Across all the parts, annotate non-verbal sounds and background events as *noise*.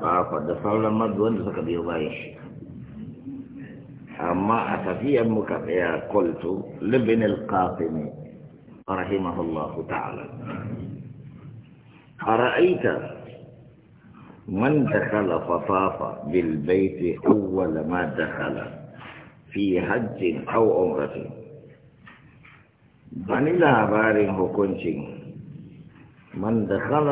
فقدس فولا ما دون ذلك بيضايش أما أتفيا مكفيا قلت لابن القاسم رحمه الله تعالى أرأيت من دخل فطاف بالبيت أول ما دخل في حج أو عمرة من لها بارين من دخل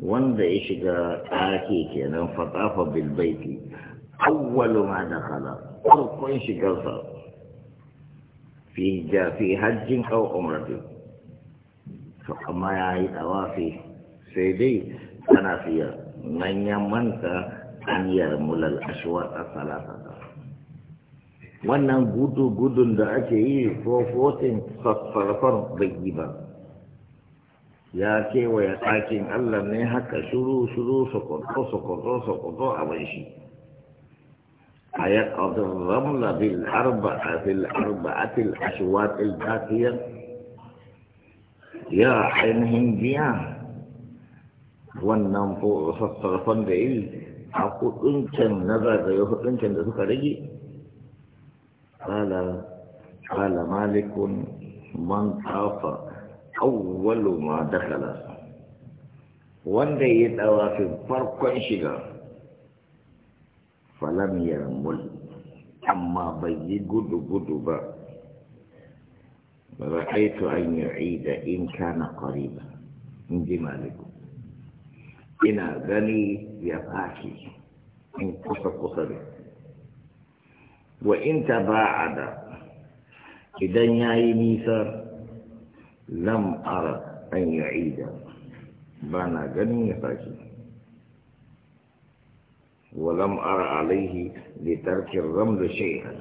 wanda ya shiga ɗaki kenan fatafa bil baiti awwalu ma dakhala farkon shigarsa fi ja fi hajjin aw umrati to amma ya yi tawafi sai dai kana fiya nan ya manta an yarmulal ashwar salata wannan gudu gudun da ake yi ko fotin bai yi ba ya kewaye ɗakin Allah ne haka shuru shuru sokoto sokoto sokoto a bai shi a ya ƙadar ramla bil arba a fil arba a fil ashwatil dafiya ya ainihin biya wannan sassarfan da yi a kuɗincan na zagaye kuɗincan da suka rage قال قال مالك من طاف awwalu ma dakala wanda ya dawa fi farkon shiga falam yarmul amma bai yi gudu gudu ba Ba ra'aitu an yu'ida in kana qariba in ji maliku ina gani ya fashi in kusa kusa ne wa in taba'ada idan yayi nisa lam ara an ya'ida ba na ganin ya sake lam ara alaihi litarkin ramda shaiha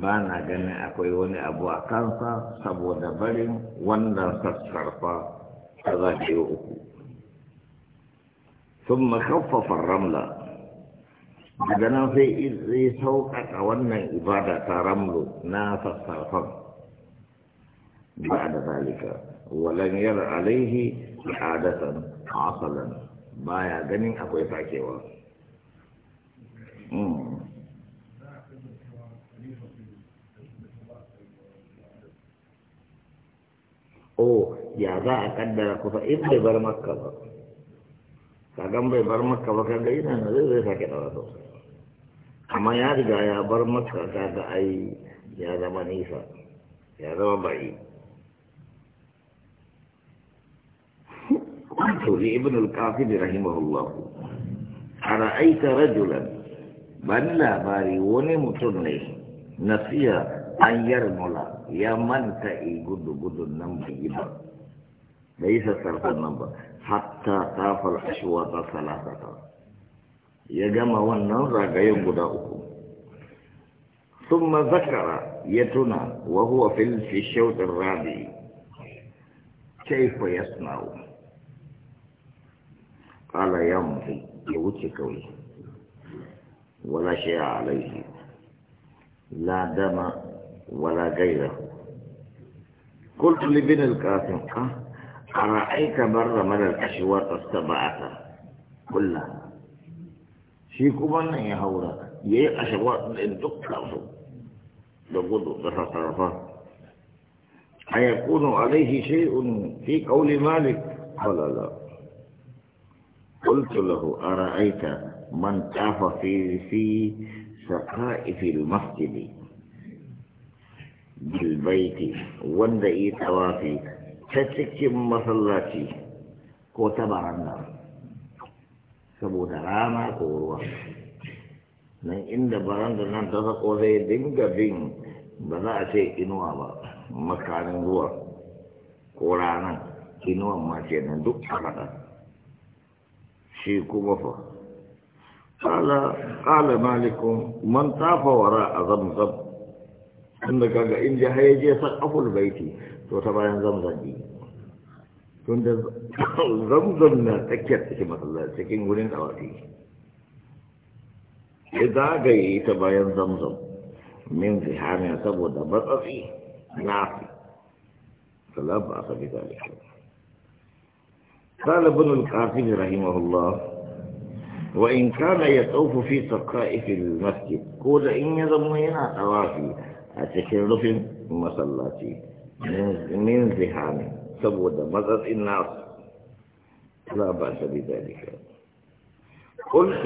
ba na ganin akwai wani abu a kansa saboda barin wannan sassarfa ta zafi uku sun makaffafan ramla daga nan sai sauƙaƙa wannan ibada ta ramlo na sassarfan بعد ذلك ولن ير عليه إعادة عصلا ما جنين أكو يفاكيوا أو يا ذا أقدر كفا إبن بر مكة با كاغم بي بر مكة با كاغينا نزي زي ساكي تغطو أما يا ذا يا بر مكة أي يا ذا منيسا يا ذا بعيد قلت لابن القاسم رحمه الله أرأيت رجلا بل باري ونمتني نسيا أن يرملا يا من تأي قد قد النمو يبا ليس صرف النمو حتى طاف الأشواط ثلاثة يا والنظر غير قد أكو ثم ذكر يتنا وهو في الشوط الرابع كيف يصنعون على يمحي يوتش كوي ولا شيء عليه لا دم ولا غيره قلت لبن القاسم أه، أرأيك بر من الأشواط السبعة كلها شي كمان يا هورا يا أشوار من دكتور دقود بسرطة أيكون عليه شيء في قول مالك قال لا, لا. قلت له أرأيت من طاف في في سقائف المسجد بالبيت وند اي توافي تسكن مصلاتي ko ta baranda saboda rana ko ruwa nan inda baranda nan ta sako zai dinga bin ba za a ce inuwa ba makarin ruwa ko inuwan ma ce duk a shi kuma fa qala qala malik man tafa wara zamzam Inda kaga in ji haye je aful baiti to ta bayan zamzam ne tunda *coughs* zamzam na tsakiyar cikin masallaci cikin gurin dawaki ya zagaye ta bayan zamzam min zihamin saboda matsatsi na fi salam ba a sabi zalika قال ابن القاسم رحمه الله وإن كان يطوف في سقائف المسجد قول إن يضمينا طوافي في مصلاتي من زهام سبود مزد الناس لا بأس بذلك قلت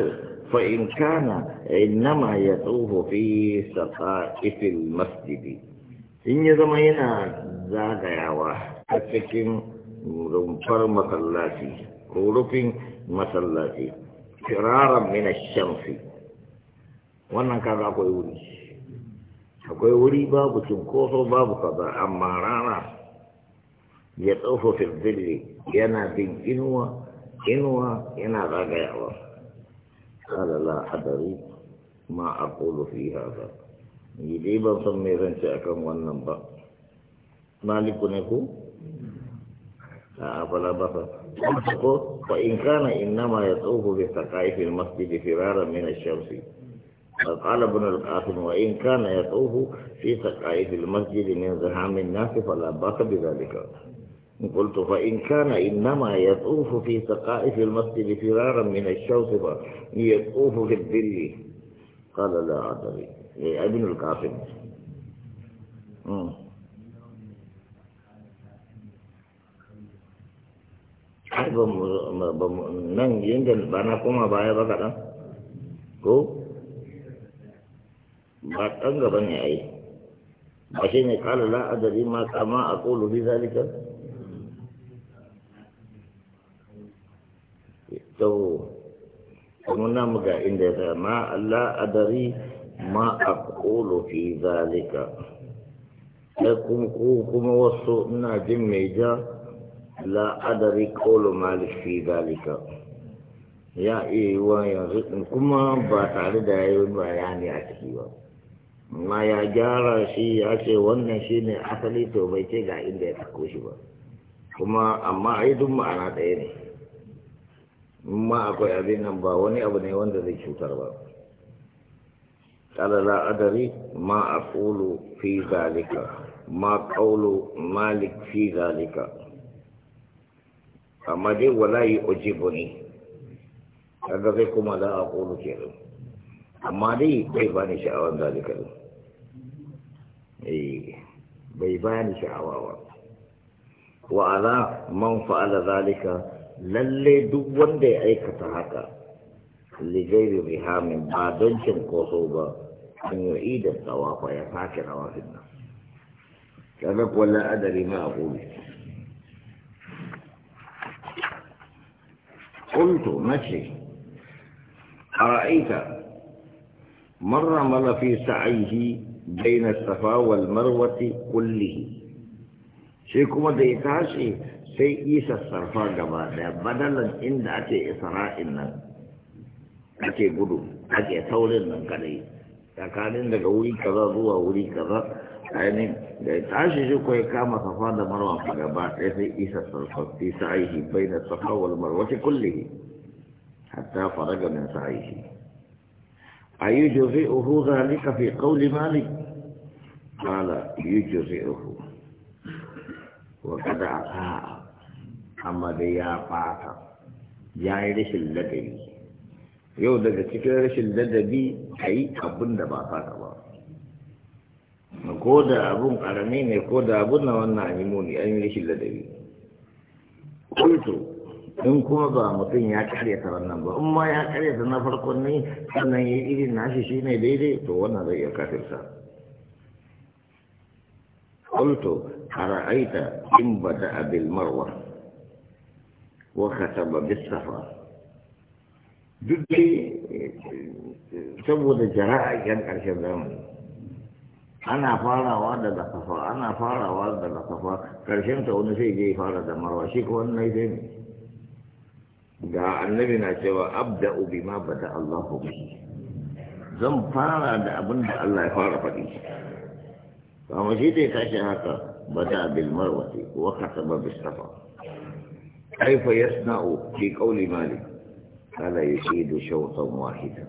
فإن كان إنما يطوف في سقائف المسجد إن يضمينا زاد يا واحد rumfar masallaci ko rufin masallaci firaran mina shamsi wannan kaga akwai wuri akwai wuri babu cinkoso babu kaza amma rana ya tsofa firdilli yana bin inuwa inuwa yana zagayawa kala la hadari ma a fi haza ni ban san me zan ce akan wannan ba maliku ne ku فلا بصر فإن كان إنما يطوف بسقائف المسجد فرارا من الشمس قال ابن القاسم وإن كان يطوف في سقائف المسجد من زحام الناس فلا بأس بذلك قلت فإن كان إنما يطوف في سقائف المسجد فرارا من الشمس يطوف في الظل قال لا أدري إيه، ابن القاسم ai ba mu nan yadda ba na koma baya ba kaɗan ko ba ɗan gaba ne a yi ba shi ne kala adari ma kama a ƙolo bi zalika to kuma na mu ga inda ya tsaya ma la'adari ma a ƙolo fi zalika sai kuma wasu ina jin mai ja لا أدري قول مالك في ذلك ya iya yi wa yanzu ɗin kuma ba tare da ya yi bayani a ciki ba Ma ya gyara shi ya ce wannan shi ne asali to bai ce inda ya tako shi ba kuma amma ai duk ma'ana ɗaya ne amma akwai abin nan ba wani abu ne wanda zai cutar ba kala la adari ma aqulu fi zalika ma qawlu malik fi zalika amma dai wala yi ujibu ne kaga zai kuma da a kulu ke amma dai bai bani sha'awar zalika din eh bai bani sha'awa ba wa ala man fa'ala zalika lalle duk wanda ya aikata haka li ghairi rihamin ba don cin koso ba an yi idan tawafa ya sake rawa nan kaga kuwa la adari ma a kulu قلت ماشي أرأيت مر مر في سعيه بين الصفا والمروة كله شيكو مديتاشي شيء إيسا الصرفا قبادة بدلا عند أتي إسراء إنن أتي قدو أتي ثورنا قدي أكاد عندك دقوي كذا دوا وري كذا ainihin da ya tashi shi kuwa kama safa da marwa a gaba ɗaya sai isa sarfafi sa'ihi bai na safa wal kulle hatta faraga min sa'ihi a yi jozi uhu zalika fi kauli malik kala yi jozi uhu wa kada a amma da ya fata ya yi rashin ladabi yau daga cikin rashin ladabi a yi abin da ba fata ba ko da abun karami ne ko da abun na wannan an yi muni an yi rashin ladabi kultu in kuma ba mutum ya karyata wannan ba in ma ya karyata na farkon ne sannan ya irin nashi shi ne daidai to wannan zai iya kafirsa a ara'aita in da abil marwa wa kataba safa duk dai saboda jara'a yan karshen zamani ana farawa daga safa ana farawa daga safa karshen ta wani sai je fara da marwa shi ko wannan dai ne ga annabi na cewa abda'u bima bada Allahu bihi zan fara da abin da Allah ya fara faɗi amma shi dai tashi haka Ba bada bil marwati wa kataba bis safa kaifa yasna'u fi qawli malik ala yashidu shawtan wahidan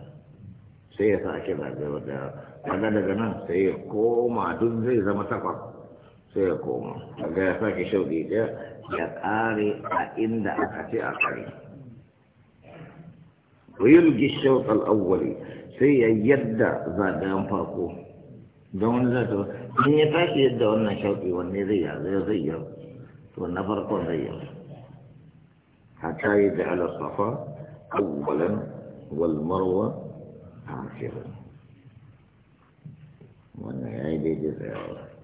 sai ya sake zagayewa da wanda daga nan sai ya koma duk zai zama takwas sai ya koma daga ya sake shauɗi ɗaya ya ƙare a inda aka ce a ƙare tashi yadda wannan سيجد wanne zai ya zai zai yau to na والنذيع zai yau ذيع yi da alasafa أولا والمروة آخر wannan ya yi daidai da